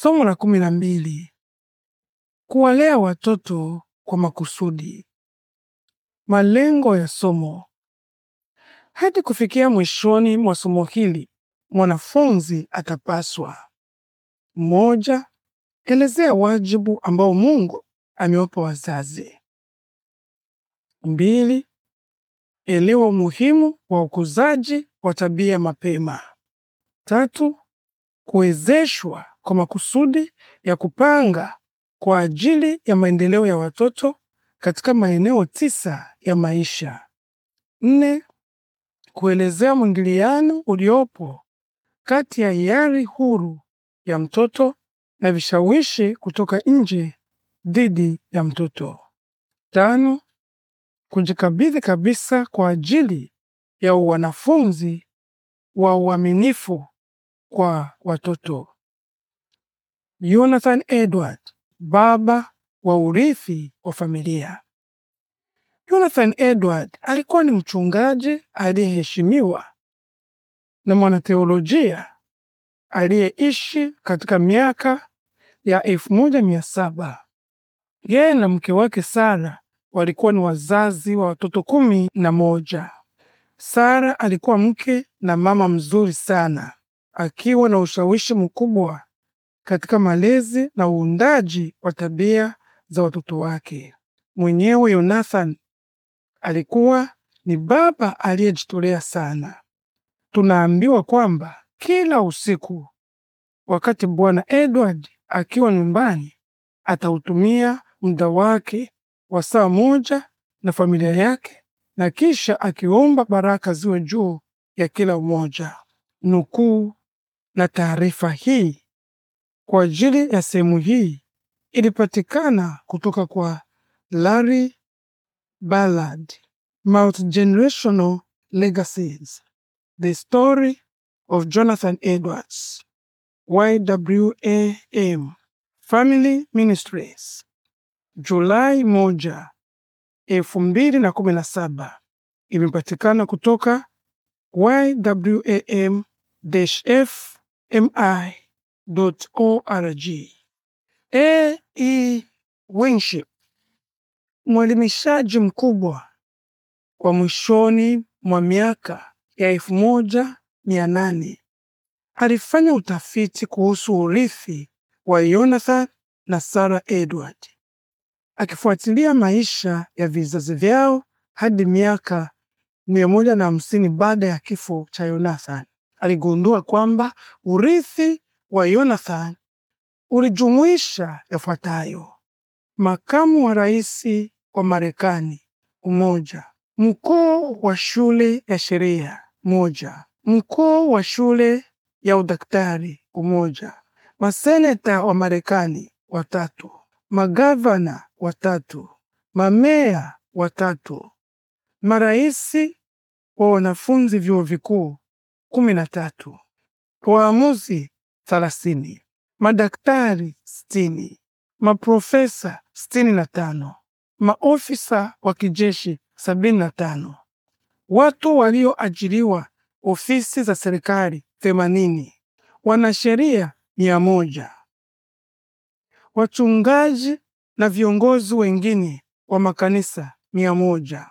Somo la kumi na mbili: kuwalea watoto kwa makusudi. Malengo ya somo: hadi kufikia mwishoni mwa somo hili, mwanafunzi atapaswa: moja. Elezea wajibu ambao Mungu amewapa wazazi. mbili. Elewa umuhimu wa ukuzaji wa tabia mapema. tatu. Kuwezeshwa kwa makusudi ya kupanga kwa ajili ya maendeleo ya watoto katika maeneo tisa ya maisha. Nne, kuelezea mwingiliano uliopo kati ya hiari huru ya mtoto na vishawishi kutoka nje dhidi ya mtoto. Tano, kujikabidhi kabisa kwa ajili ya wanafunzi wa uaminifu kwa watoto. Jonathan Edward, baba wa urithi wa familia. Jonathan Edward alikuwa ni mchungaji aliyeheshimiwa na mwanateolojia aliyeishi katika miaka ya 1700. Yeye na mke wake Sara walikuwa ni wazazi wa watoto kumi na moja. Sara alikuwa mke na mama mzuri sana, akiwa na ushawishi mkubwa katika malezi na uundaji wa tabia za watoto wake. Mwenyewe Yonathan alikuwa ni baba aliyejitolea sana. Tunaambiwa kwamba kila usiku wakati Bwana Edward akiwa nyumbani, atautumia muda wake wa saa moja na familia yake, na kisha akiomba baraka ziwe juu ya kila mmoja. Nukuu na taarifa hii kwa ajili ya sehemu hii ilipatikana kutoka kwa Larry Ballard, multigenerational generational Legacies: The Story of Jonathan Edwards, YWAM Family Ministries, Julai 1 2017. Imepatikana kutoka YWAM-FMI org. AE Winship, mwelimishaji mkubwa wa mwishoni mwa miaka ya elfu moja mia nane alifanya utafiti kuhusu urithi wa Jonathan na Sarah Edward, akifuatilia maisha ya vizazi vyao hadi miaka mia moja na hamsini baada ya kifo cha Jonathan. Aligundua kwamba urithi wa Yonathan ulijumuisha yafuatayo: makamu wa rais wa Marekani mmoja, mkuu wa shule ya sheria moja, mkuu wa shule ya udaktari umoja maseneta wa Marekani watatu, magavana watatu, mameya watatu, maraisi wa wanafunzi vyuo vikuu kumi na tatu, waamuzi thelathini, madaktari sitini, maprofesa sitini na tano, maofisa wa kijeshi sabini na tano, watu walioajiriwa ofisi za serikali themanini, wanasheria mia moja, wachungaji na viongozi wengine wa makanisa mia moja,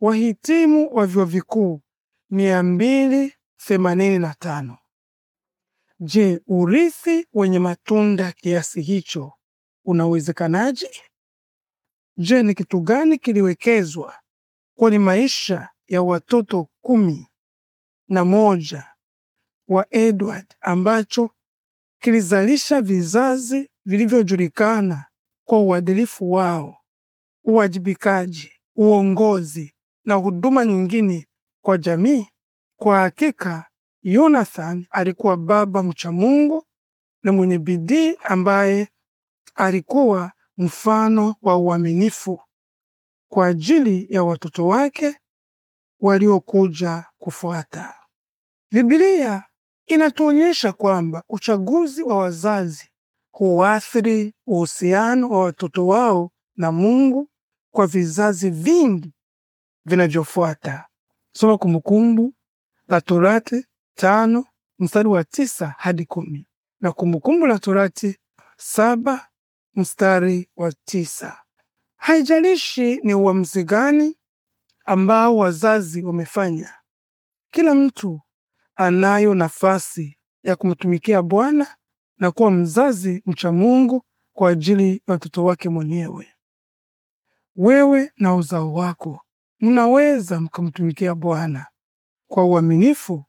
wahitimu wa vyuo vikuu mia mbili themanini na tano. Je, urithi wenye matunda kiasi hicho unawezekanaje? Je, ni kitu gani kiliwekezwa kwenye maisha ya watoto kumi na moja wa Edward ambacho kilizalisha vizazi vilivyojulikana kwa uadilifu wao, uwajibikaji, uongozi na huduma nyingine kwa jamii? Kwa hakika Yonathani alikuwa baba mcha Mungu na mwenye bidii ambaye alikuwa mfano wa uaminifu kwa ajili ya watoto wake waliokuja kufuata. Biblia inatuonyesha kwamba uchaguzi wa wazazi huathiri uhusiano wa watoto wao na Mungu kwa vizazi vingi vinavyofuata. Soma Kumbukumbu la Torati tano mstari wa tisa hadi kumi na Kumbukumbu la Torati saba mstari wa tisa. Haijalishi ni uamuzi gani ambao wazazi wamefanya, kila mtu anayo nafasi ya kumtumikia Bwana na kuwa mzazi mcha Mungu kwa ajili ya watoto wake mwenyewe. Wewe na uzao wako mnaweza mkamtumikia Bwana kwa uaminifu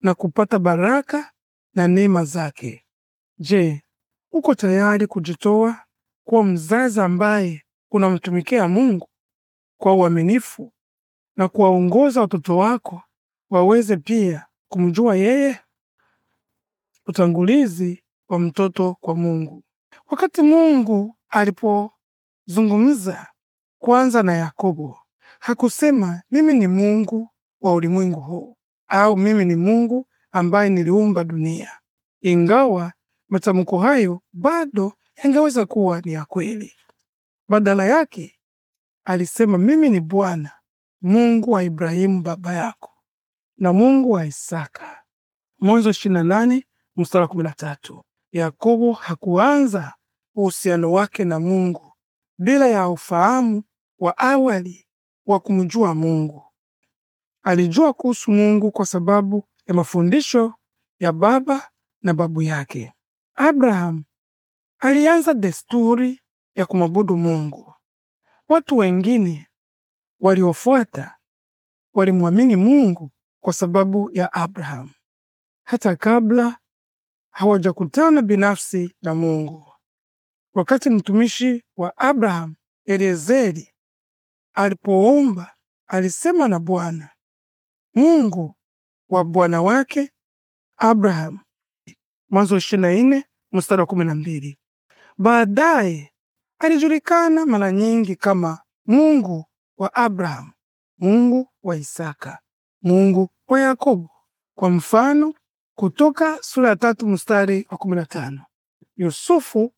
na kupata baraka na neema zake. Je, uko tayari kujitoa kuwa mzazi ambaye unamtumikia Mungu kwa uaminifu na kuwaongoza watoto wako waweze pia kumjua yeye? Utangulizi wa mtoto kwa Mungu. Wakati Mungu alipozungumza kwanza na Yakobo, hakusema mimi ni Mungu wa ulimwengu huu, au mimi ni Mungu ambaye niliumba dunia. Ingawa matamko hayo bado yangeweza kuwa ni ya kweli. Badala yake alisema, mimi ni Bwana Mungu wa Ibrahimu baba yako na Mungu wa Isaka. Mwanzo 28 mstari 13. Yakobo hakuanza uhusiano wake na Mungu bila ya ufahamu wa awali wa kumjua Mungu alijua kuhusu Mungu kwa sababu ya mafundisho ya baba na babu yake. Abraham alianza desturi ya kumwabudu Mungu. Watu wengine waliofuata walimwamini Mungu kwa sababu ya Abraham hata kabla hawajakutana binafsi na Mungu. Wakati mtumishi wa Abraham Eliezeri alipoomba, alisema na Bwana, Mungu wa bwana wake Abraham. Mwanzo 24 mstari wa 12. Baadaye alijulikana mara nyingi kama Mungu wa Abraham, Mungu wa Isaka, Mungu wa Yakobo. Kwa mfano, Kutoka sura ya tatu mstari wa 15. Yusufu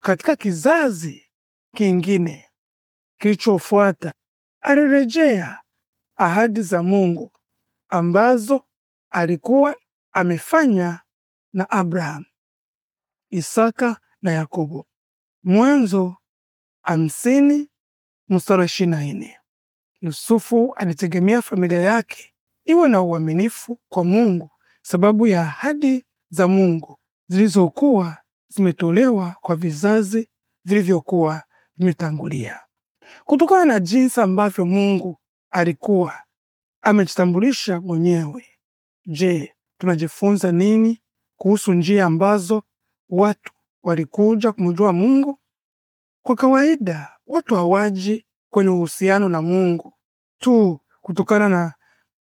katika kizazi kingine kilichofuata alirejea ahadi za Mungu ambazo alikuwa amefanya na Abraham, Isaka na Yakobo. Mwanzo hamsini mstari ishirini na nne. Yusufu alitegemea familia yake iwe na uaminifu kwa Mungu sababu ya ahadi za Mungu zilizokuwa zimetolewa kwa vizazi vilivyokuwa vimetangulia. Kutokana na jinsi ambavyo Mungu alikuwa amejitambulisha mwenyewe. Je, tunajifunza nini kuhusu njia ambazo watu walikuja kumjua Mungu? Kwa kawaida watu hawaji kwenye uhusiano na Mungu tu kutokana na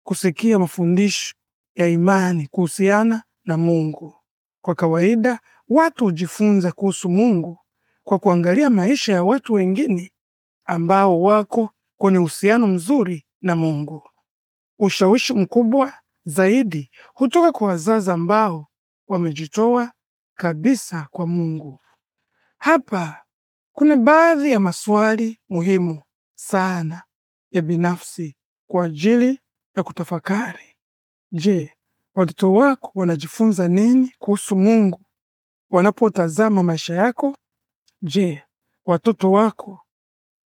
kusikia mafundisho ya imani kuhusiana na Mungu. Kwa kawaida watu hujifunza kuhusu Mungu kwa kuangalia maisha ya watu wengine ambao wako kwenye uhusiano mzuri na Mungu. Ushawishi mkubwa zaidi hutoka kwa wazazi ambao wamejitoa kabisa kwa Mungu. Hapa kuna baadhi ya maswali muhimu sana ya binafsi kwa ajili ya kutafakari. Je, watoto wako wanajifunza nini kuhusu Mungu wanapotazama maisha yako? Je, watoto wako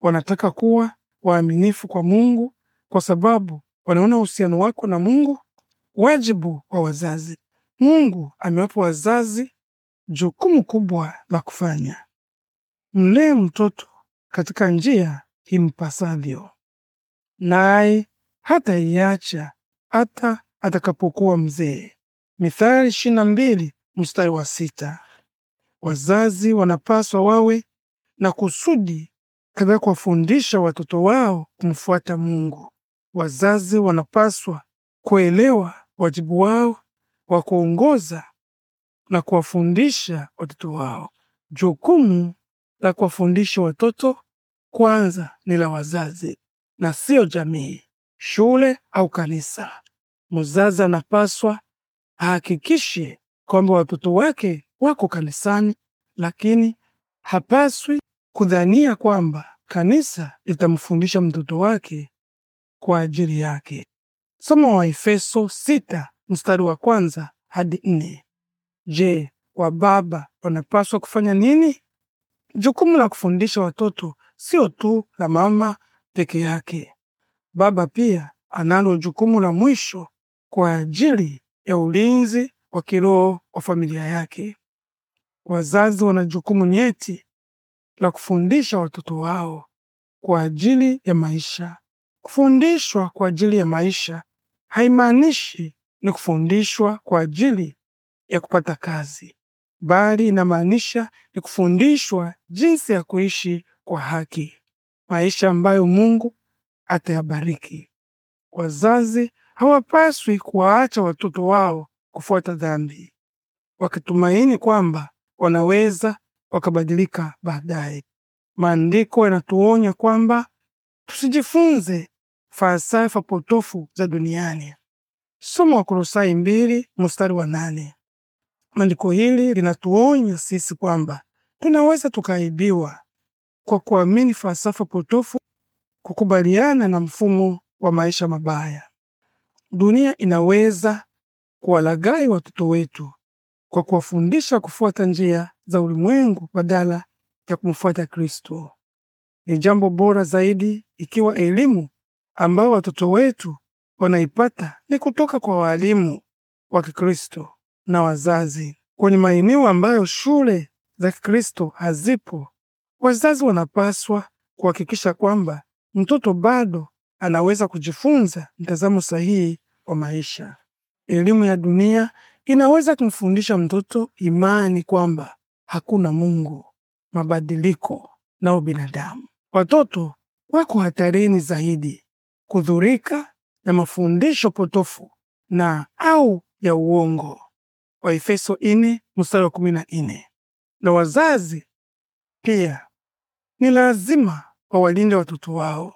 wanataka kuwa waaminifu kwa Mungu kwa sababu wanaona uhusiano wako na Mungu, wajibu wa wazazi. Mungu amewapa wazazi jukumu kubwa la kufanya. Mlee mtoto katika njia impasavyo, naye hata iacha hata atakapokuwa mzee. Mithali ishirini na mbili mstari wa sita. Wazazi wanapaswa wawe na kusudi katika kuwafundisha watoto wao kumfuata Mungu. Wazazi wanapaswa kuelewa wajibu wao wa kuongoza na kuwafundisha watoto wao. Jukumu la kuwafundisha watoto kwanza ni la wazazi na siyo jamii, shule au kanisa. Mzazi anapaswa ahakikishe kwamba watoto wake wako kanisani, lakini hapaswi kudhania kwamba kanisa litamfundisha mtoto wake kwa ajili yake. wa Efeso sita mstari wa kwanza hadi nne. Je, baba wanapaswa kufanya nini? Jukumu la kufundisha watoto sio tu la mama peke yake. Baba pia analo jukumu la mwisho kwa ajili ya ulinzi wa kiroho wa familia yake. Wazazi wana jukumu nyeti la kufundisha watoto wao kwa ajili ya maisha Kufundishwa kwa ajili ya maisha haimaanishi ni kufundishwa kwa ajili ya kupata kazi, bali inamaanisha ni kufundishwa jinsi ya kuishi kwa haki, maisha ambayo Mungu atayabariki. Wazazi hawapaswi kuwaacha watoto wao kufuata dhambi, wakitumaini kwamba wanaweza wakabadilika baadaye. Maandiko yanatuonya kwamba tusijifunze falsafa potofu za duniani. Somo wa Kolosai mbili mstari wa nane. Maandiko hili linatuonya sisi kwamba tunaweza tukaibiwa kwa kuamini falsafa potofu, kukubaliana na mfumo wa maisha mabaya. Dunia inaweza kuwalagai watoto wetu kwa kuwafundisha kufuata njia za ulimwengu badala ya kumfuata Kristo. Ni jambo bora zaidi ikiwa elimu ambao watoto wetu wanaipata ni kutoka kwa walimu wa Kikristo na wazazi. Kwenye maeneo ambayo shule za Kikristo hazipo, wazazi wanapaswa kuhakikisha kwamba mtoto bado anaweza kujifunza mtazamo sahihi wa maisha. Elimu ya dunia inaweza kumfundisha mtoto imani kwamba hakuna Mungu, mabadiliko na ubinadamu. Watoto wako hatarini zaidi kudhurika na mafundisho potofu na au ya uongo Waefeso mstari wa kumi na Na wazazi pia ni lazima wawalinde watoto wao.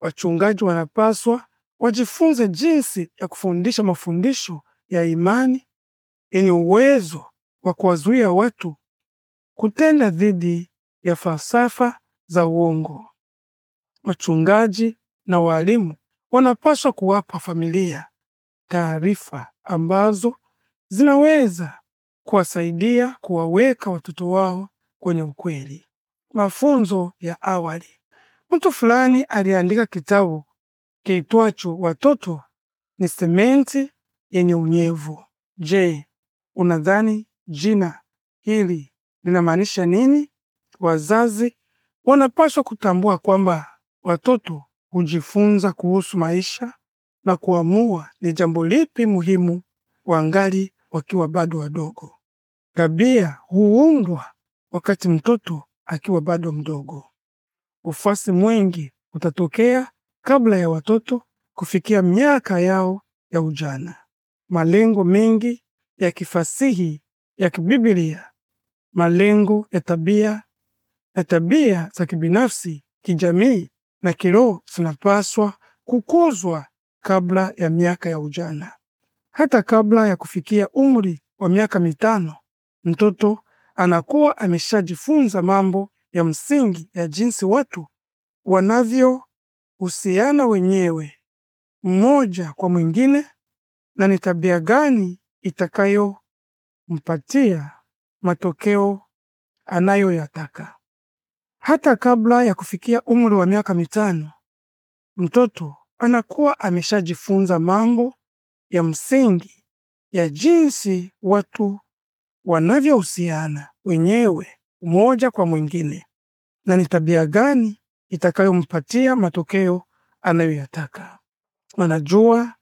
Wachungaji wanapaswa wajifunze jinsi ya kufundisha mafundisho ya imani yenye uwezo wa kuwazuia watu kutenda dhidi ya falsafa za uongo. Wachungaji na walimu wanapaswa kuwapa familia taarifa ambazo zinaweza kuwasaidia kuwaweka watoto wao kwenye ukweli. Mafunzo ya awali. Mtu fulani aliandika kitabu kiitwacho Watoto ni Sementi Yenye Unyevu. Je, unadhani jina hili linamaanisha nini? Wazazi wanapaswa kutambua kwamba watoto hujifunza kuhusu maisha na kuamua ni jambo lipi muhimu wangali wakiwa bado wadogo. Tabia huundwa wakati mtoto akiwa bado mdogo. ufasi mwingi utatokea kabla ya watoto kufikia miaka yao ya ujana. Malengo mengi ya kifasihi ya kibiblia, malengo ya tabia na tabia za kibinafsi, kijamii na kiroho zinapaswa kukuzwa kabla ya miaka ya ujana. Hata kabla ya kufikia umri wa miaka mitano, mtoto anakuwa ameshajifunza mambo ya msingi ya jinsi watu wanavyohusiana wenyewe mmoja kwa mwingine na ni tabia gani itakayompatia matokeo anayoyataka. Hata kabla ya kufikia umri wa miaka mitano, mtoto anakuwa ameshajifunza mambo ya msingi ya jinsi watu wanavyohusiana wenyewe mmoja kwa mwingine na ni tabia gani itakayompatia matokeo anayoyataka. Anajua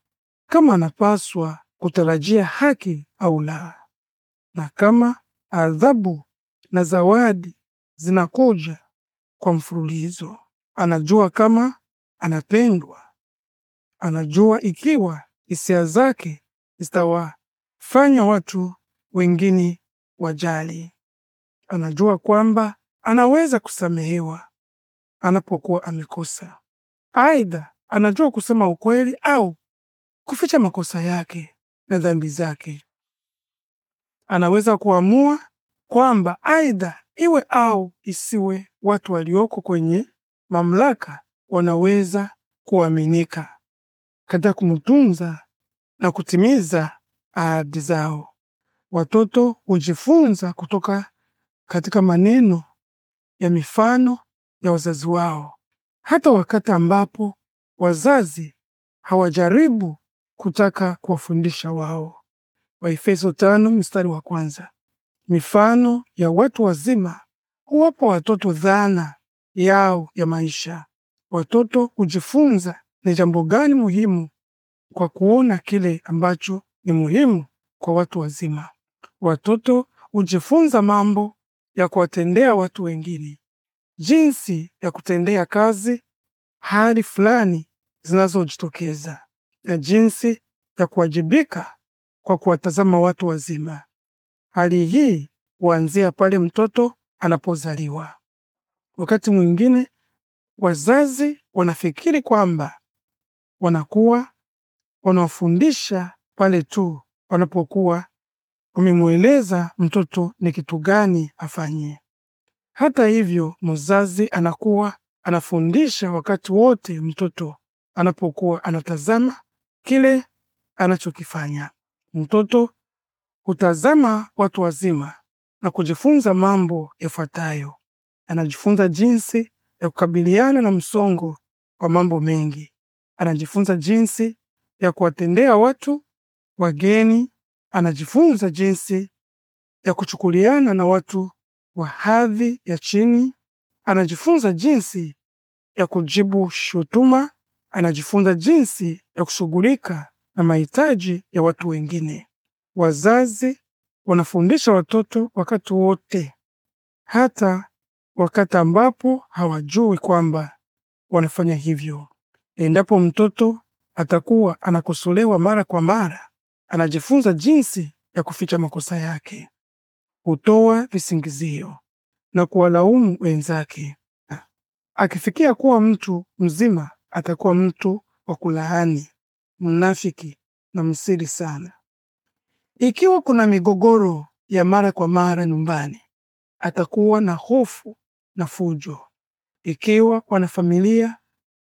kama anapaswa kutarajia haki au la, na kama adhabu na zawadi zinakuja kwa mfululizo. Anajua kama anapendwa, anajua ikiwa hisia zake zitawafanya watu wengine wajali, anajua kwamba anaweza kusamehewa anapokuwa amekosa. Aidha, anajua kusema ukweli au kuficha makosa yake na dhambi zake. Anaweza kuamua kwamba aidha iwe au isiwe, watu walioko kwenye mamlaka wanaweza kuaminika katika kumtunza na kutimiza ahadi zao. Watoto hujifunza kutoka katika maneno ya mifano ya wazazi wao, hata wakati ambapo wazazi hawajaribu kutaka kuwafundisha wao. Waefeso tano mstari wa kwanza mifano ya watu wazima huwapa watoto dhana yao ya maisha. Watoto hujifunza ni jambo gani muhimu kwa kuona kile ambacho ni muhimu kwa watu wazima. Watoto hujifunza mambo ya kuwatendea watu wengine, jinsi ya kutendea kazi hali fulani zinazojitokeza na jinsi ya kuwajibika kwa kuwatazama watu wazima. Hali hii huanzia pale mtoto anapozaliwa. Wakati mwingine wazazi wanafikiri kwamba wanakuwa wanawafundisha pale tu wanapokuwa wamemweleza mtoto ni kitu gani afanye. Hata hivyo, mzazi anakuwa anafundisha wakati wote mtoto anapokuwa anatazama kile anachokifanya. Mtoto Kutazama watu wazima na kujifunza mambo yafuatayo. Anajifunza jinsi ya kukabiliana na msongo wa mambo mengi. Anajifunza jinsi ya kuwatendea watu wageni. Anajifunza jinsi ya kuchukuliana na watu wa hadhi ya chini. Anajifunza jinsi ya kujibu shutuma. Anajifunza jinsi ya kushughulika na mahitaji ya watu wengine wazazi wanafundisha watoto wakati wote, hata wakati ambapo hawajui kwamba wanafanya hivyo. Endapo mtoto atakuwa anakosolewa mara kwa mara, anajifunza jinsi ya kuficha makosa yake, hutoa visingizio na kuwalaumu wenzake. Akifikia kuwa mtu mzima, atakuwa mtu wa kulaani, mnafiki na msiri sana. Ikiwa kuna migogoro ya mara kwa mara nyumbani, atakuwa na hofu na fujo. Ikiwa wanafamilia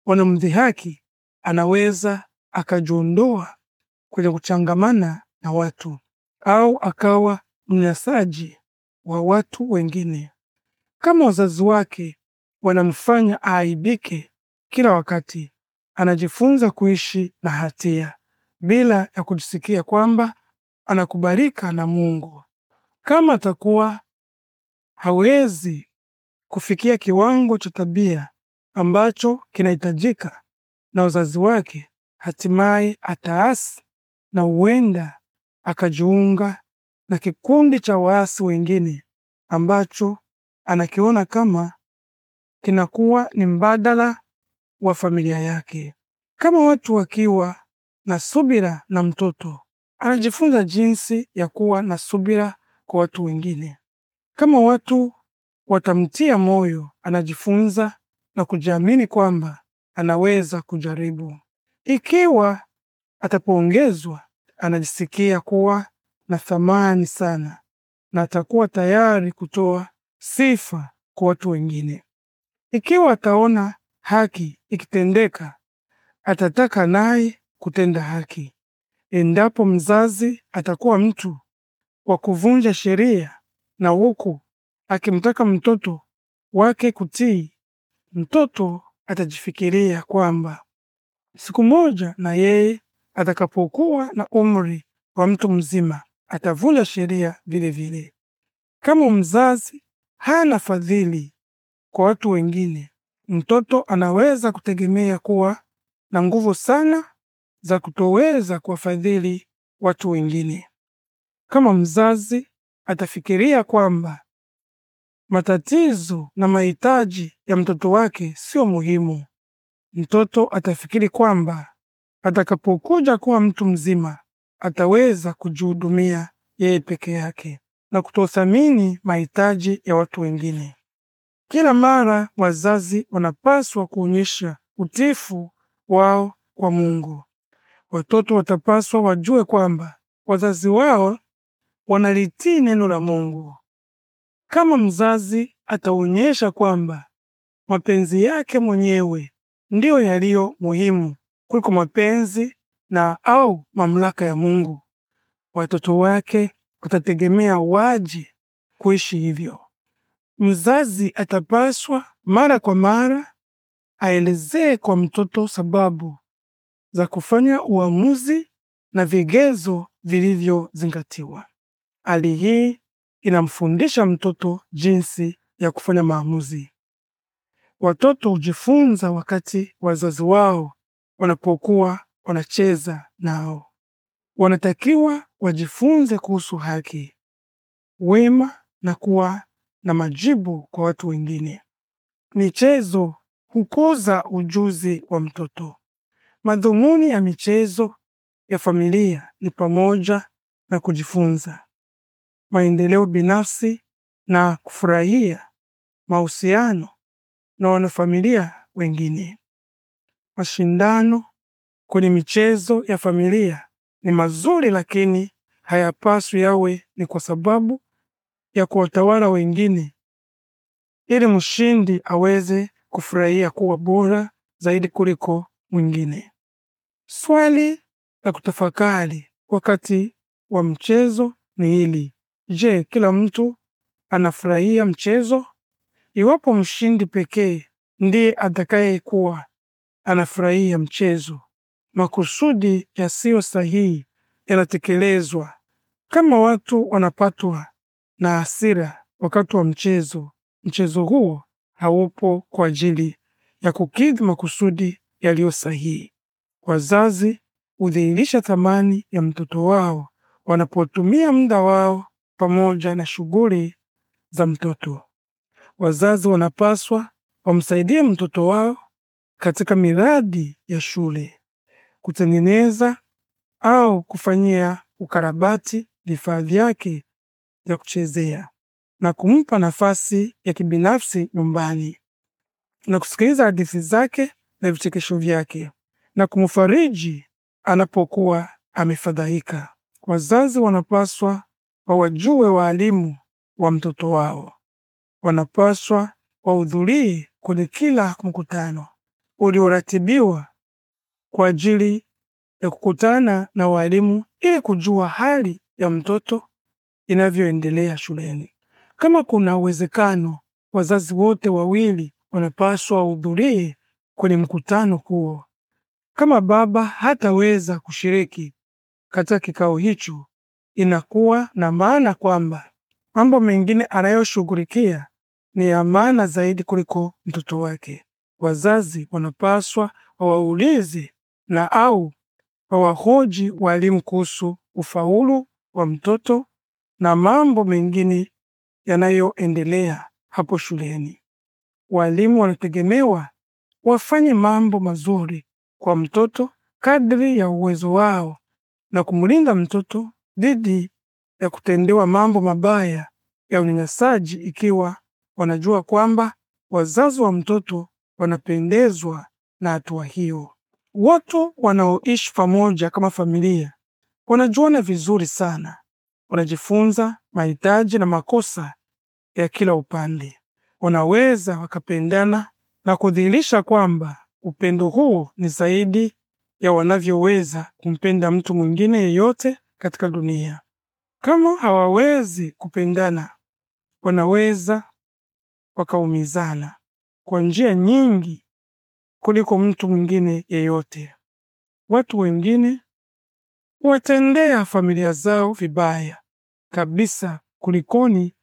wanamdhihaki, anaweza akajiondoa kwenye kuchangamana na watu au akawa mnyasaji wa watu wengine. Kama wazazi wake wanamfanya aaibike kila wakati, anajifunza kuishi na hatia bila ya kujisikia kwamba anakubalika na Mungu. Kama atakuwa hawezi kufikia kiwango cha tabia ambacho kinahitajika na uzazi wake, hatimaye ataasi na huenda akajiunga na kikundi cha waasi wengine ambacho anakiona kama kinakuwa ni mbadala wa familia yake. Kama watu wakiwa na subira na mtoto anajifunza jinsi ya kuwa na subira kwa watu wengine. Kama watu watamtia moyo, anajifunza na kujiamini kwamba anaweza kujaribu. Ikiwa atapongezwa, anajisikia kuwa na thamani sana na atakuwa tayari kutoa sifa kwa watu wengine. Ikiwa ataona haki ikitendeka, atataka naye kutenda haki endapo mzazi atakuwa mtu wa kuvunja sheria na huku akimtaka mtoto wake kutii, mtoto atajifikiria kwamba siku moja na yeye atakapokuwa na umri wa mtu mzima atavunja sheria vile vile. Kama mzazi hana fadhili kwa watu wengine, mtoto anaweza kutegemea kuwa na nguvu sana za kutoweza kuwafadhili watu wengine. Kama mzazi atafikiria kwamba matatizo na mahitaji ya mtoto wake sio muhimu, mtoto atafikiri kwamba atakapokuja kuwa mtu mzima ataweza kujihudumia yeye peke yake na kutothamini mahitaji ya watu wengine. Kila mara wazazi wanapaswa kuonyesha utifu wao kwa Mungu Watoto watapaswa wajue kwamba wazazi wao wanalitii neno la Mungu. Kama mzazi ataonyesha kwamba mapenzi yake mwenyewe ndiyo yaliyo muhimu kuliko mapenzi na au mamlaka ya Mungu, watoto wake watategemea waje kuishi hivyo. Mzazi atapaswa mara kwa mara aelezee kwa mtoto sababu za kufanya uamuzi na vigezo vilivyozingatiwa. Hali hii inamfundisha mtoto jinsi ya kufanya maamuzi. Watoto hujifunza wakati wazazi wao wanapokuwa wanacheza nao. Wanatakiwa wajifunze kuhusu haki, wema na kuwa na majibu kwa watu wengine. Michezo hukuza ujuzi wa mtoto. Madhumuni ya michezo ya familia ni pamoja na kujifunza, maendeleo binafsi na kufurahia mahusiano na wanafamilia wengine. Mashindano kwenye michezo ya familia ni mazuri, lakini hayapaswi yawe ni kwa sababu ya kuwatawala wengine, ili mshindi aweze kufurahia kuwa bora zaidi kuliko mwingine. Swali la kutafakari wakati wa mchezo ni hili: je, kila mtu anafurahia mchezo? Iwapo mshindi pekee ndiye atakayekuwa anafurahia mchezo, makusudi yasiyo sahihi yanatekelezwa. Kama watu wanapatwa na hasira wakati wa mchezo, mchezo huo haupo kwa ajili ya kukidhi makusudi yaliyo sahihi. Wazazi hudhihirisha thamani ya mtoto wao wanapotumia muda wao pamoja na shughuli za mtoto. Wazazi wanapaswa wamsaidie mtoto wao katika miradi ya shule, kutengeneza au kufanyia ukarabati vifaa vyake vya kuchezea na kumpa nafasi ya kibinafsi nyumbani na kusikiliza hadithi zake na vichekesho vyake na kumfariji anapokuwa amefadhaika. Wazazi wanapaswa wawajue waalimu wa mtoto wao, wanapaswa wahudhurie kwenye kila mkutano ulioratibiwa kwa ajili ya kukutana na waalimu ili kujua hali ya mtoto inavyoendelea shuleni. Kama kuna uwezekano, wazazi wote wawili wanapaswa wahudhurie kwenye mkutano huo kama baba hataweza kushiriki katika kikao hicho, inakuwa na maana kwamba mambo mengine anayoshughulikia ni ya maana zaidi kuliko mtoto wake. Wazazi wanapaswa wawaulize na au wawahoji walimu kuhusu ufaulu wa mtoto na mambo mengine yanayoendelea hapo shuleni. Walimu wanategemewa wafanye mambo mazuri kwa mtoto kadri ya uwezo wao na kumlinda mtoto dhidi ya kutendewa mambo mabaya ya unyanyasaji ikiwa wanajua kwamba wazazi wa mtoto wanapendezwa na hatua hiyo. Watu wanaoishi pamoja kama familia wanajuana vizuri sana, wanajifunza mahitaji na makosa ya kila upande. Wanaweza wakapendana na kudhihirisha kwamba Upendo huu ni zaidi ya wanavyoweza kumpenda mtu mwingine yeyote katika dunia. Kama hawawezi kupendana, wanaweza wakaumizana kwa njia nyingi kuliko mtu mwingine yeyote. Watu wengine watendea familia zao vibaya kabisa kulikoni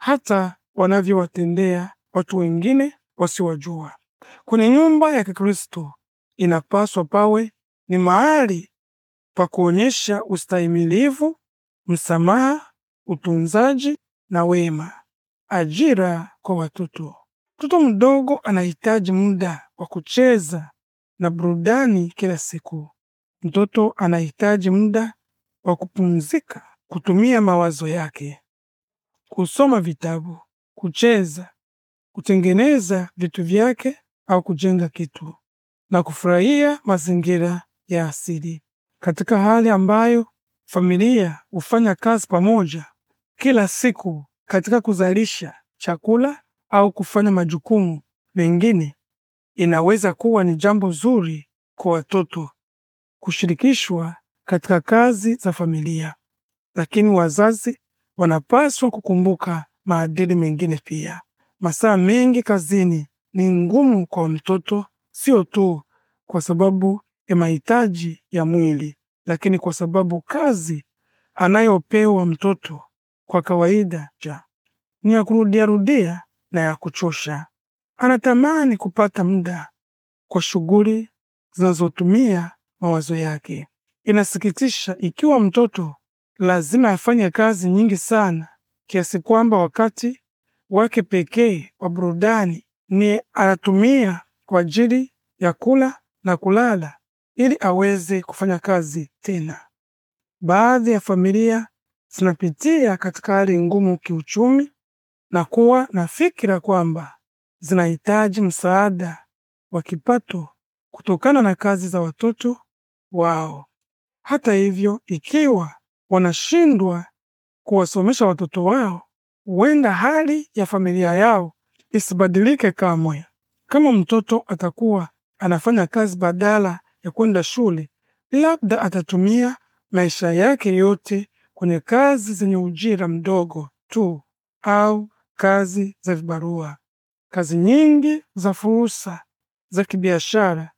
hata wanavyowatendea watu wengine wasiwajua. Kwenye nyumba ya Kikristo inapaswa pawe ni mahali pa kuonyesha ustahimilivu, msamaha, utunzaji na wema. Ajira kwa watoto. Mtoto mdogo anahitaji muda wa kucheza na burudani kila siku. Mtoto anahitaji muda wa kupumzika, kutumia mawazo yake, kusoma vitabu, kucheza, kutengeneza vitu vyake au kujenga kitu na kufurahia mazingira ya asili. Katika hali ambayo familia hufanya kazi pamoja kila siku katika kuzalisha chakula au kufanya majukumu mengine, inaweza kuwa ni jambo zuri kwa watoto kushirikishwa katika kazi za familia, lakini wazazi wanapaswa kukumbuka maadili mengine pia. Masaa mengi kazini ni ngumu kwa mtoto, sio tu kwa sababu ya mahitaji ya mwili, lakini kwa sababu kazi anayopewa mtoto kwa kawaida ja ni ya kurudiarudia na ya kuchosha. Anatamani kupata muda kwa shughuli zinazotumia mawazo yake. Inasikitisha ikiwa mtoto lazima afanye kazi nyingi sana kiasi kwamba wakati wake pekee wa burudani ni anatumia kwa ajili ya kula na kulala ili aweze kufanya kazi tena. Baadhi ya familia zinapitia katika hali ngumu kiuchumi na kuwa na fikira kwamba zinahitaji msaada wa kipato kutokana na kazi za watoto wao. Hata hivyo, ikiwa wanashindwa kuwasomesha watoto wao, huenda hali ya familia yao isibadilike kamwe. Kama mtoto atakuwa anafanya kazi badala ya kwenda shule, labda atatumia maisha yake yote kwenye kazi zenye ujira mdogo tu au kazi za vibarua. Kazi nyingi za fursa za kibiashara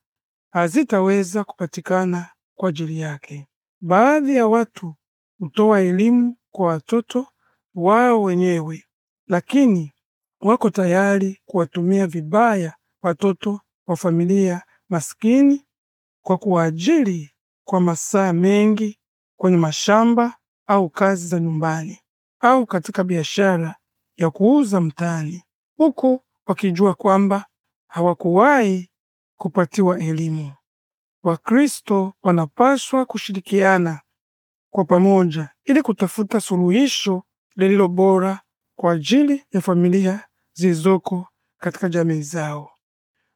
hazitaweza kupatikana kwa ajili yake. Baadhi ya watu hutoa elimu kwa watoto wao wenyewe, lakini wako tayari kuwatumia vibaya watoto wa familia maskini kwa kuwaajiri kwa masaa mengi kwenye mashamba au kazi za nyumbani au katika biashara ya kuuza mtaani, huku wakijua kwamba hawakuwahi kupatiwa elimu. Wakristo wanapaswa kushirikiana kwa pamoja ili kutafuta suluhisho lililo bora kwa ajili ya familia zilizoko katika jamii zao.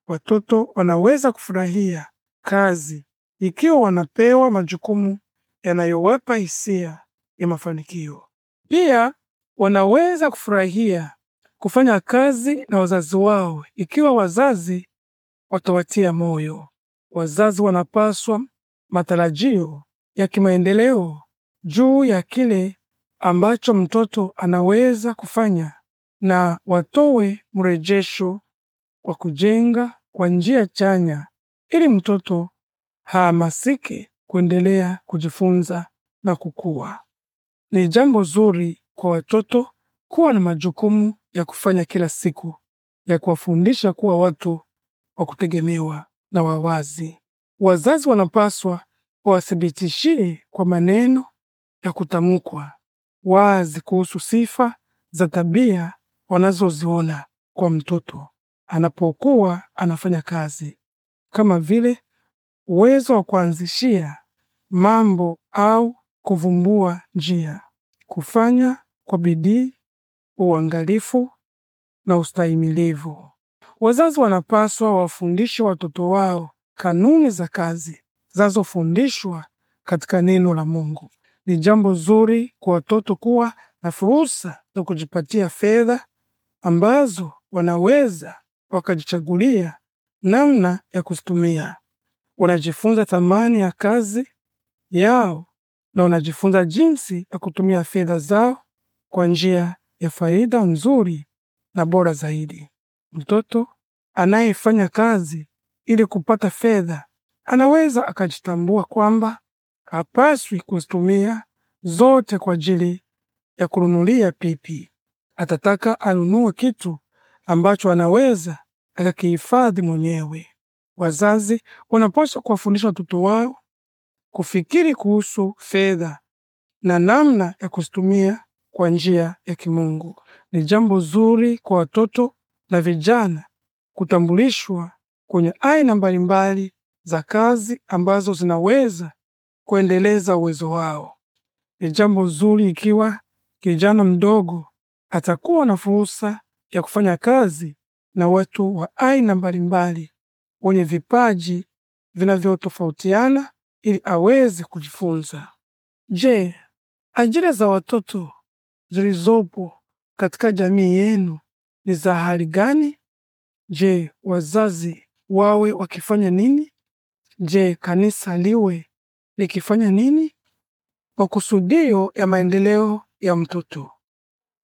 Watoto wanaweza kufurahia kazi ikiwa wanapewa majukumu yanayowapa hisia ya mafanikio. Pia wanaweza kufurahia kufanya kazi na wazazi wao ikiwa wazazi watawatia moyo. Wazazi wanapaswa matarajio ya kimaendeleo juu ya kile ambacho mtoto anaweza kufanya na watowe mrejesho wa kujenga kwa njia chanya, ili mtoto hamasike kuendelea kujifunza na kukua. Ni jambo zuri kwa watoto kuwa na majukumu ya kufanya kila siku ya kuwafundisha kuwa watu wa kutegemewa na wawazi. Wazazi wanapaswa wawathibitishie kwa maneno ya kutamkwa wazi kuhusu sifa za tabia wanazoziona kwa mtoto anapokuwa anafanya kazi, kama vile uwezo wa kuanzishia mambo au kuvumbua njia, kufanya kwa bidii, uangalifu na ustahimilivu. Wazazi wanapaswa wafundishe watoto wao kanuni za kazi zinazofundishwa katika neno la Mungu. Ni jambo zuri kwa watoto kuwa na fursa za kujipatia fedha ambazo wanaweza wakajichagulia namna ya kuzitumia. Wanajifunza thamani ya kazi yao na wanajifunza jinsi ya kutumia fedha zao kwa njia ya faida nzuri na bora zaidi. Mtoto anayefanya kazi ili kupata fedha anaweza akajitambua kwamba hapaswi kuzitumia zote kwa ajili ya kununulia pipi atataka anunue kitu ambacho anaweza akakihifadhi mwenyewe. Wazazi wanapaswa kuwafundisha watoto wao kufikiri kuhusu fedha na namna ya kuzitumia kwa njia ya kimungu. Ni jambo zuri kwa watoto na vijana kutambulishwa kwenye aina mbalimbali za kazi ambazo zinaweza kuendeleza uwezo wao. Ni jambo zuri ikiwa kijana mdogo atakuwa na fursa ya kufanya kazi na watu wa aina mbalimbali wenye vipaji vinavyotofautiana ili aweze kujifunza. Je, ajira za watoto zilizopo katika jamii yenu ni za hali gani? Je, wazazi wawe wakifanya nini? Je, kanisa liwe likifanya nini? Makusudio ya maendeleo ya mtoto.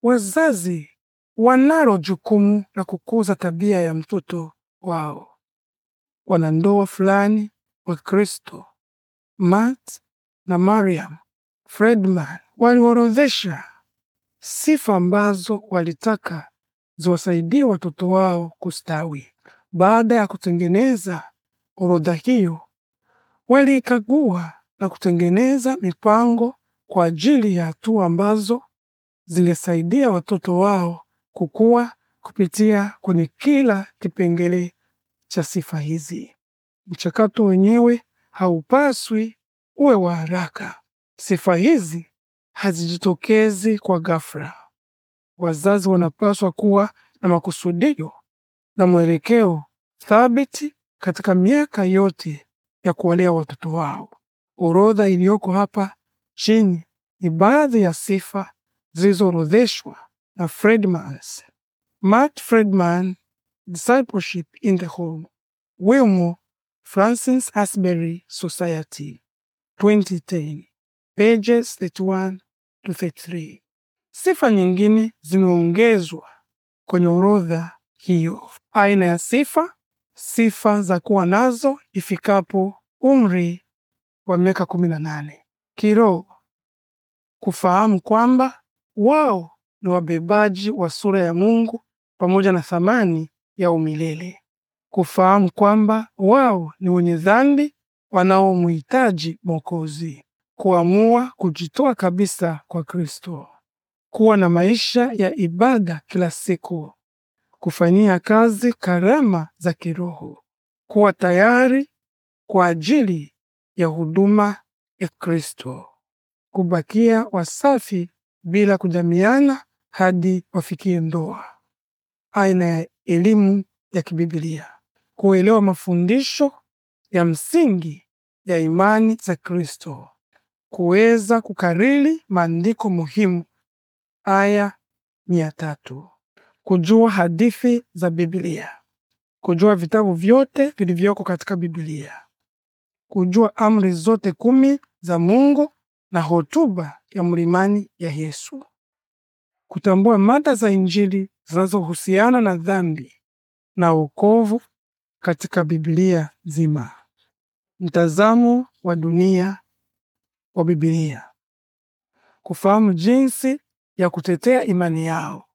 Wazazi wanalo jukumu la kukuza tabia ya mtoto wao. Wanandoa fulani wa Kristo, Matt na Mariam fredman waliorodhesha sifa ambazo walitaka ziwasaidie watoto wao kustawi. Baada ya kutengeneza orodha hiyo, waliikagua na kutengeneza mipango kwa ajili ya hatua ambazo zilisaidia watoto wao kukua kupitia kwenye kila kipengele cha sifa hizi. Mchakato wenyewe haupaswi uwe wa haraka. Sifa hizi hazijitokezi kwa ghafla. Wazazi wanapaswa kuwa na makusudio na mwelekeo thabiti katika miaka yote ya kuwalea watoto wao. Orodha iliyoko hapa chini ni baadhi ya sifa zilizoorodheshwa na Fredmans. Matt Fredman, Discipleship in the Home, Wilmo, Francis Asbury Society, 2010, pages 31 to 33. Sifa nyingine zimeongezwa kwenye orodha hiyo. Aina ya sifa: sifa za kuwa nazo ifikapo umri wa miaka 18. Kiroho: kufahamu kwamba wao ni wabebaji wa sura ya Mungu pamoja na thamani ya umilele, kufahamu kwamba wao ni wenye dhambi wanaomhitaji Mwokozi, kuamua kujitoa kabisa kwa Kristo, kuwa na maisha ya ibada kila siku, kufanyia kazi karama za kiroho, kuwa tayari kwa ajili ya huduma ya Kristo, kubakia wasafi bila kujamiana hadi wafikie ndoa. Aina ya elimu ya kibibilia: kuelewa mafundisho ya msingi ya imani za Kristo, kuweza kukariri maandiko muhimu aya mia tatu, kujua hadithi za Biblia, kujua vitabu vyote vilivyoko katika Biblia, kujua amri zote kumi za Mungu na hotuba ya Mlimani ya Yesu, kutambua mada za Injili zinazohusiana na dhambi na wokovu katika Biblia zima, mtazamo wa dunia wa Biblia, kufahamu jinsi ya kutetea imani yao,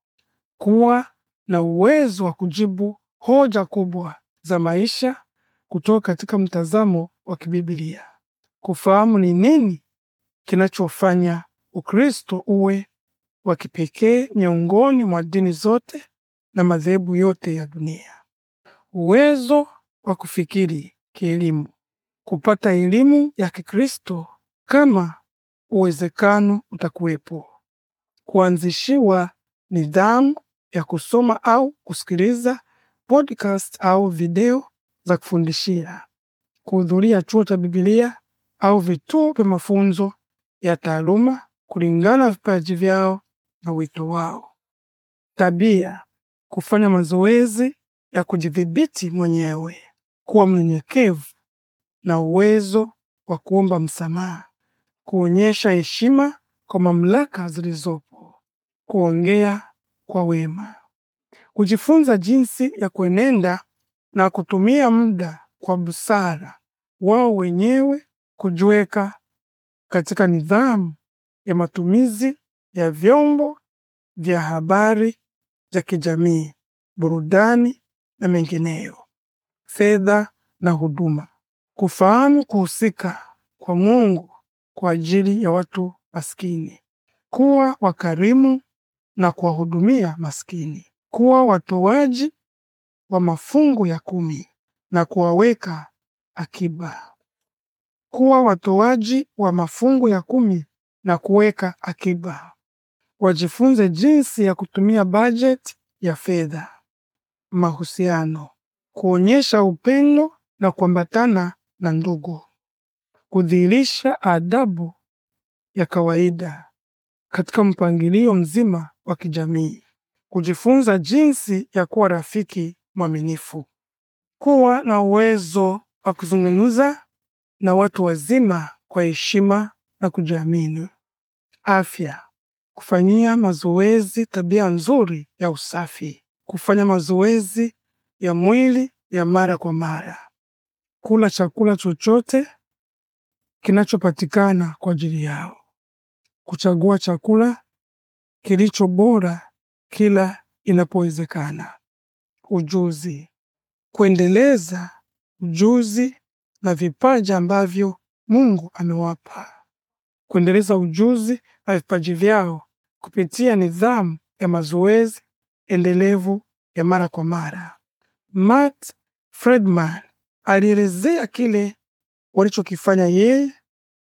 kuwa na uwezo wa kujibu hoja kubwa za maisha kutoka katika mtazamo wa kibiblia, kufahamu ni nini kinachofanya Ukristo uwe wa kipekee miongoni mwa dini zote na madhehebu yote ya dunia. Uwezo wa kufikiri kielimu, kupata elimu ya Kikristo kama uwezekano utakuwepo, kuanzishiwa nidhamu ya kusoma au kusikiliza podcast au video za kufundishia, kuhudhuria chuo cha Biblia au vituo vya mafunzo ya taaluma kulingana na vipaji vyao na wito wao. Tabia: kufanya mazoezi ya kujidhibiti mwenyewe, kuwa mnyenyekevu na uwezo wa kuomba msamaha, kuonyesha heshima kwa mamlaka zilizopo, kuongea kwa wema, kujifunza jinsi ya kuenenda na kutumia muda kwa busara, wao wenyewe kujiweka katika nidhamu ya matumizi ya vyombo vya habari vya kijamii, burudani na mengineyo, fedha na huduma. Kufahamu kuhusika kwa Mungu kwa ajili ya watu maskini, kuwa wakarimu na kuwahudumia maskini, kuwa watoaji wa mafungu ya kumi na kuwaweka akiba kuwa watoaji wa mafungu ya kumi na kuweka akiba. Wajifunze jinsi ya kutumia bajeti ya fedha. Mahusiano: kuonyesha upendo na kuambatana na ndugu, kudhihirisha adabu ya kawaida katika mpangilio mzima wa kijamii, kujifunza jinsi ya kuwa rafiki mwaminifu, kuwa na uwezo wa kuzungumza na watu wazima kwa heshima na kujiamini. Afya: kufanyia mazoezi tabia nzuri ya usafi, kufanya mazoezi ya mwili ya mara kwa mara, kula chakula chochote kinachopatikana kwa ajili yao, kuchagua chakula kilicho bora kila inapowezekana. Ujuzi: kuendeleza ujuzi na vipaji ambavyo Mungu amewapa, kuendeleza ujuzi na vipaji vyao kupitia nidhamu ya mazoezi endelevu ya mara kwa mara. Matt Fredman alielezea kile walichokifanya yeye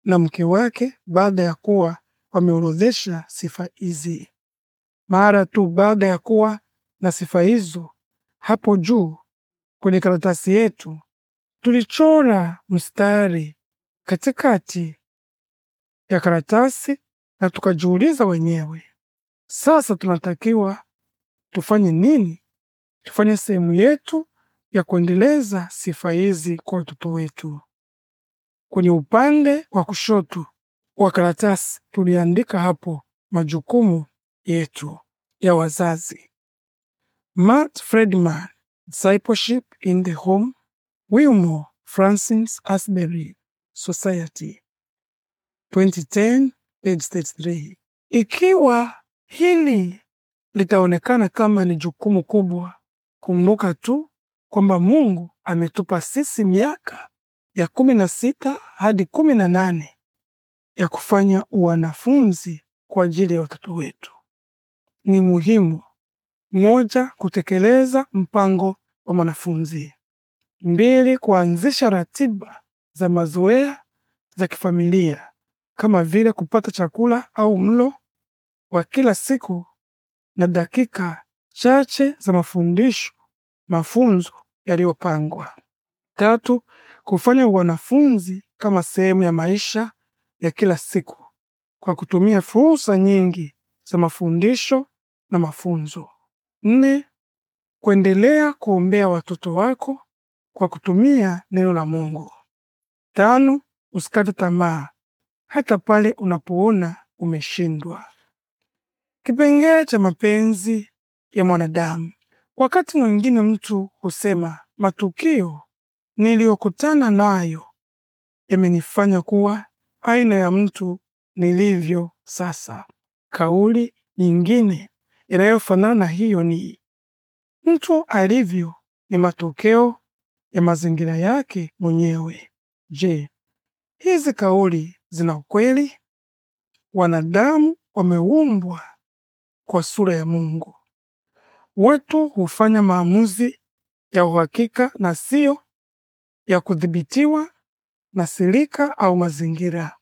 na mke wake baada ya kuwa wameorodhesha sifa hizi. Mara tu baada ya kuwa na sifa hizo hapo juu kwenye karatasi yetu, Tulichora mstari katikati ya karatasi na tukajiuliza wenyewe, sasa tunatakiwa tufanye nini? Tufanye sehemu yetu ya kuendeleza sifa hizi kwa watoto wetu. Kwenye upande wa kushoto wa karatasi tuliandika hapo majukumu yetu ya wazazi. Mart Fredman, Discipleship in the Home Wilmore Francis Asbury Society 2010 page 33. Ikiwa hili litaonekana kama ni jukumu kubwa, kumbuka tu kwamba Mungu ametupa sisi miaka ya kumi na sita hadi kumi na nane ya kufanya wanafunzi kwa ajili ya watoto wetu. Ni muhimu: moja, kutekeleza mpango wa mwanafunzi; Mbili, kuanzisha ratiba za mazoea za kifamilia kama vile kupata chakula au mlo wa kila siku na dakika chache za mafundisho mafunzo yaliyopangwa. Tatu, kufanya wanafunzi kama sehemu ya maisha ya kila siku kwa kutumia fursa nyingi za mafundisho na mafunzo. Nne, kuendelea kuombea watoto wako kwa kutumia neno la Mungu. Tano, usikate tamaa hata pale unapoona umeshindwa. Kipengele cha mapenzi ya mwanadamu. Wakati mwingine mtu husema matukio niliyokutana nayo yamenifanya kuwa aina ya mtu nilivyo sasa. Kauli nyingine inayofanana na hiyo ni mtu alivyo ni matokeo ya mazingira yake mwenyewe. Je, hizi kauli zina ukweli? Wanadamu wameumbwa kwa sura ya Mungu. Watu hufanya maamuzi ya uhakika na siyo ya kudhibitiwa na silika au mazingira.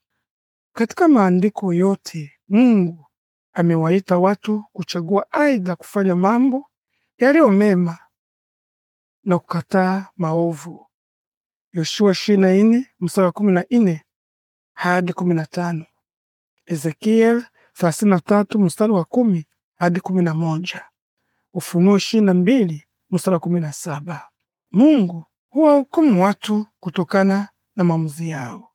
Katika maandiko yote, Mungu amewaita watu kuchagua aidha kufanya mambo yaliyo mema na kukataa maovu. Yoshua ishirini na nne mstari wa kumi hadi kumi na Ezekiel thelathini tatu mstari wa kumi hadi kumi na Ufunuo ishirini mbili mstari wa kumi saba Mungu huwahukumu watu kutokana na maamuzi yao.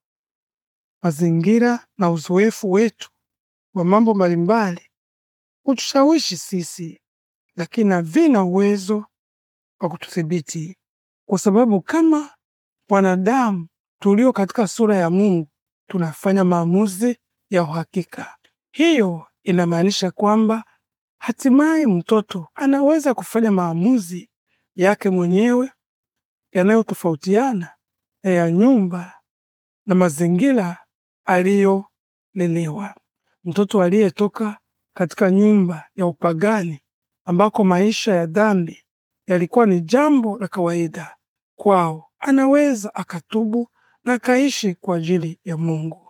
Mazingira na uzoefu wetu wa mambo mbalimbali hutushawishi sisi, lakini havina uwezo wa kututhibiti, kwa sababu kama wanadamu tulio katika sura ya Mungu tunafanya maamuzi ya uhakika. Hiyo inamaanisha kwamba hatimaye mtoto anaweza kufanya maamuzi yake mwenyewe yanayotofautiana na ya nyumba na mazingira aliyolelewa. Mtoto aliyetoka katika nyumba ya upagani ambako maisha ya dhambi yalikuwa ni jambo la kawaida kwao, anaweza akatubu na akaishi kwa ajili ya Mungu.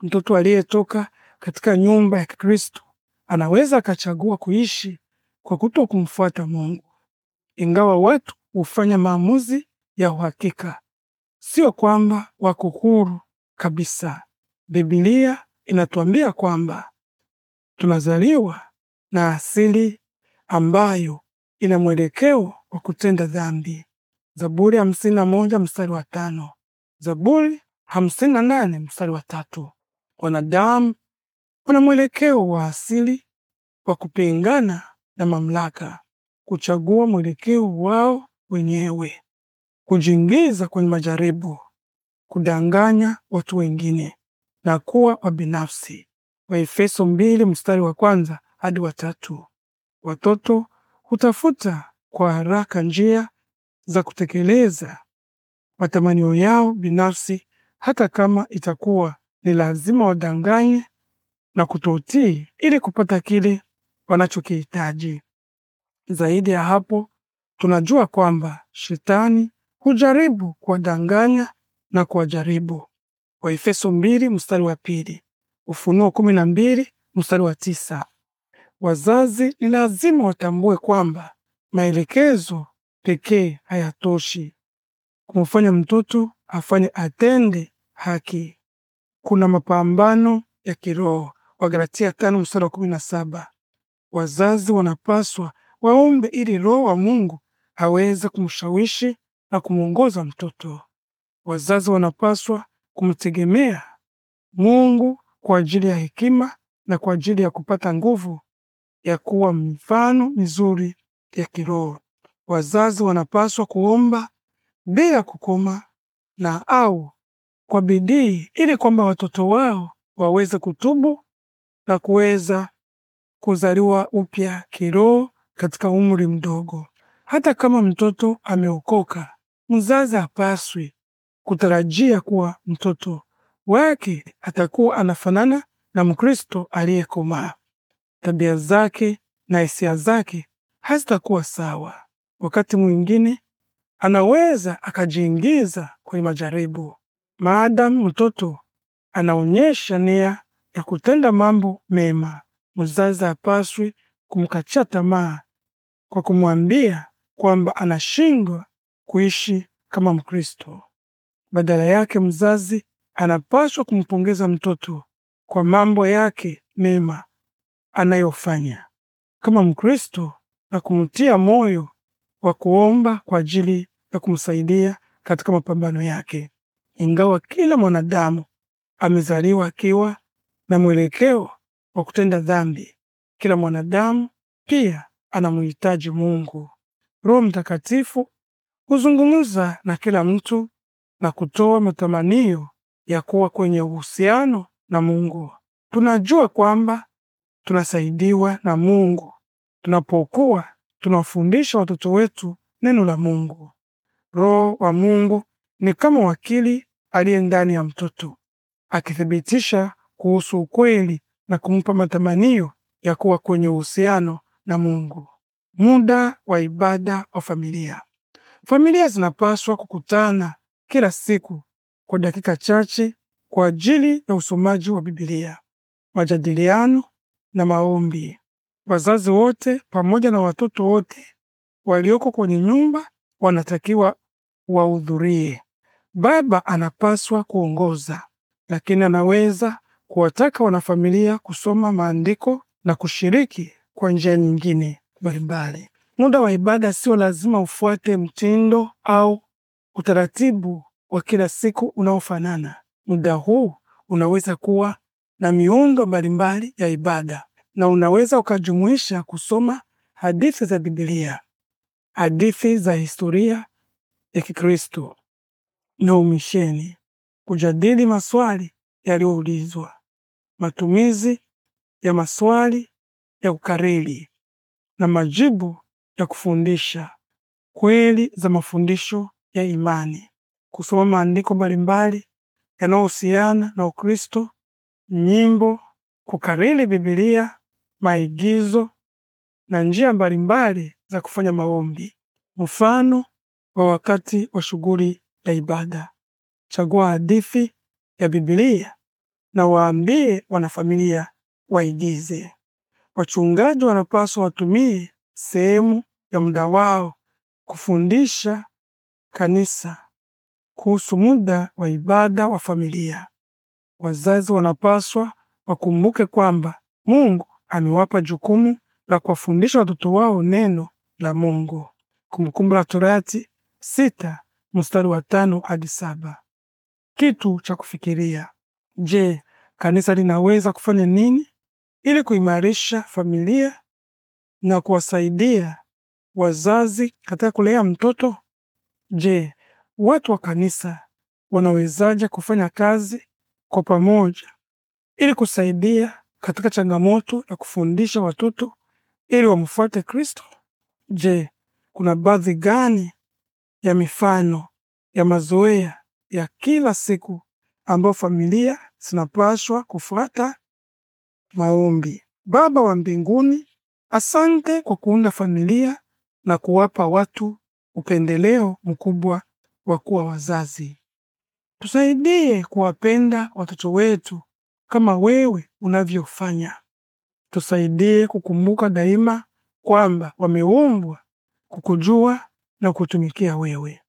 Mtoto aliyetoka katika nyumba ya Kikristo anaweza akachagua kuishi kwa kuto kumfuata Mungu. Ingawa watu hufanya maamuzi ya uhakika, sio kwamba wako huru kabisa. Biblia inatuambia kwamba tunazaliwa na asili ambayo ina mwelekeo wa kutenda dhambi. Zaburi hamsini na moja mstari wa tano Zaburi hamsini na nane mstari wa tatu Wanadamu wana mwelekeo wa asili wa kupingana na mamlaka, kuchagua mwelekeo wao wenyewe, kujiingiza kwenye majaribu, kudanganya watu wengine na kuwa wabinafsi. Waefeso mbili mstari wa kwanza hadi tatu. Watoto hutafuta kwa haraka njia za kutekeleza matamanio yao binafsi, hata kama itakuwa ni lazima wadanganye na kutotii ili kupata kile wanachokihitaji. Zaidi ya hapo, tunajua kwamba shetani hujaribu kuwadanganya na kuwajaribu. Waefeso mbili mstari wa pili, Ufunuo kumi na mbili mstari wa tisa. Wazazi ni lazima watambue kwamba maelekezo pekee hayatoshi kumfanya mtoto afanye atende haki. Kuna mapambano ya kiroho Wagalatia tano mstari wa kumi na saba. Wazazi wanapaswa waombe ili Roho wa Mungu aweze kumshawishi na kumwongoza mtoto. Wazazi wanapaswa kumtegemea Mungu kwa ajili ya hekima na kwa ajili ya kupata nguvu ya kuwa mifano mizuri ya kiroho. Wazazi wanapaswa kuomba bila kukoma na au kwa bidii ili kwamba watoto wao waweze kutubu na kuweza kuzaliwa upya kiroho katika umri mdogo. Hata kama mtoto ameokoka, mzazi hapaswi kutarajia kuwa mtoto wake atakuwa anafanana na Mkristo aliyekomaa tabia zake na hisia zake hazitakuwa sawa. Wakati mwingine anaweza akajiingiza kwenye majaribu, maadamu mtoto anaonyesha nia ya kutenda mambo mema. Mzazi hapaswi kumkatia tamaa kwa kumwambia kwamba anashindwa kuishi kama Mkristo. Badala yake, mzazi anapaswa kumpongeza mtoto kwa mambo yake mema anayofanya kama Mkristo na kumtia moyo wa kuomba kwa ajili ya kumsaidia katika mapambano yake. Ingawa kila mwanadamu amezaliwa akiwa na mwelekeo wa kutenda dhambi, kila mwanadamu pia anamhitaji Mungu. Roho Mtakatifu huzungumza na kila mtu na kutoa matamanio ya kuwa kwenye uhusiano na Mungu. Tunajua kwamba tunasaidiwa na Mungu tunapokuwa tunawafundisha watoto wetu neno la Mungu. Roho wa Mungu ni kama wakili aliye ndani ya mtoto akithibitisha kuhusu ukweli na kumpa matamanio ya kuwa kwenye uhusiano na Mungu. Muda wa ibada wa familia. Familia zinapaswa kukutana kila siku kwa dakika chache kwa ajili ya usomaji wa Biblia, majadiliano na maombi. Wazazi wote pamoja na watoto wote walioko kwenye nyumba wanatakiwa wahudhurie. Baba anapaswa kuongoza, lakini anaweza kuwataka wanafamilia kusoma maandiko na kushiriki kwa njia nyingine mbalimbali. Muda wa ibada sio lazima ufuate mtindo au utaratibu wa kila siku unaofanana. Muda huu unaweza kuwa na miundo mbalimbali ya ibada, na unaweza ukajumuisha kusoma hadithi za Biblia, hadithi za historia ya Kikristo na umisheni, kujadili maswali yaliyoulizwa, matumizi ya maswali ya kukariri na majibu ya kufundisha, kweli za mafundisho ya imani, kusoma maandiko mbalimbali yanayohusiana na Ukristo nyimbo, kukariri Biblia, maigizo na njia mbalimbali za kufanya maombi, mfano wa wakati wa shughuli ya ibada. Chagua hadithi ya Biblia na waambie wanafamilia waigize. Wachungaji wanapaswa watumie sehemu ya muda wao kufundisha kanisa kuhusu muda wa ibada wa familia. Wazazi wanapaswa wakumbuke kwamba Mungu amewapa jukumu la kuwafundisha watoto wao neno la Mungu. Kumbukumbu la Torati sita mstari wa tano hadi saba. Kitu cha kufikiria: Je, kanisa linaweza kufanya nini ili kuimarisha familia na kuwasaidia wazazi katika kulea mtoto? Je, watu wa kanisa wanawezaje kufanya kazi kwa pamoja ili kusaidia katika changamoto ya kufundisha watoto ili wamfuate Kristo? Je, kuna baadhi gani ya mifano ya mazoea ya kila siku ambayo familia zinapaswa kufuata? Maombi. Baba wa mbinguni, asante kwa kuunda familia na kuwapa watu upendeleo mkubwa wa kuwa wazazi. Tusaidie kuwapenda watoto wetu kama wewe unavyofanya. Tusaidie kukumbuka daima kwamba wameumbwa kukujua na kutumikia wewe.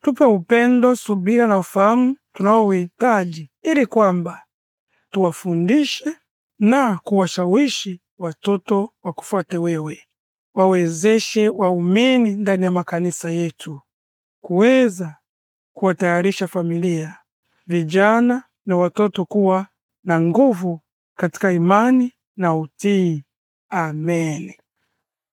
Tupe upendo, subira na ufahamu tunaohitaji ili kwamba tuwafundishe na kuwashawishi watoto wakufuate wewe. Wawezeshe waumini ndani ya makanisa yetu kuweza kuwatayarisha familia, vijana na watoto kuwa na nguvu katika imani na utii. Amen.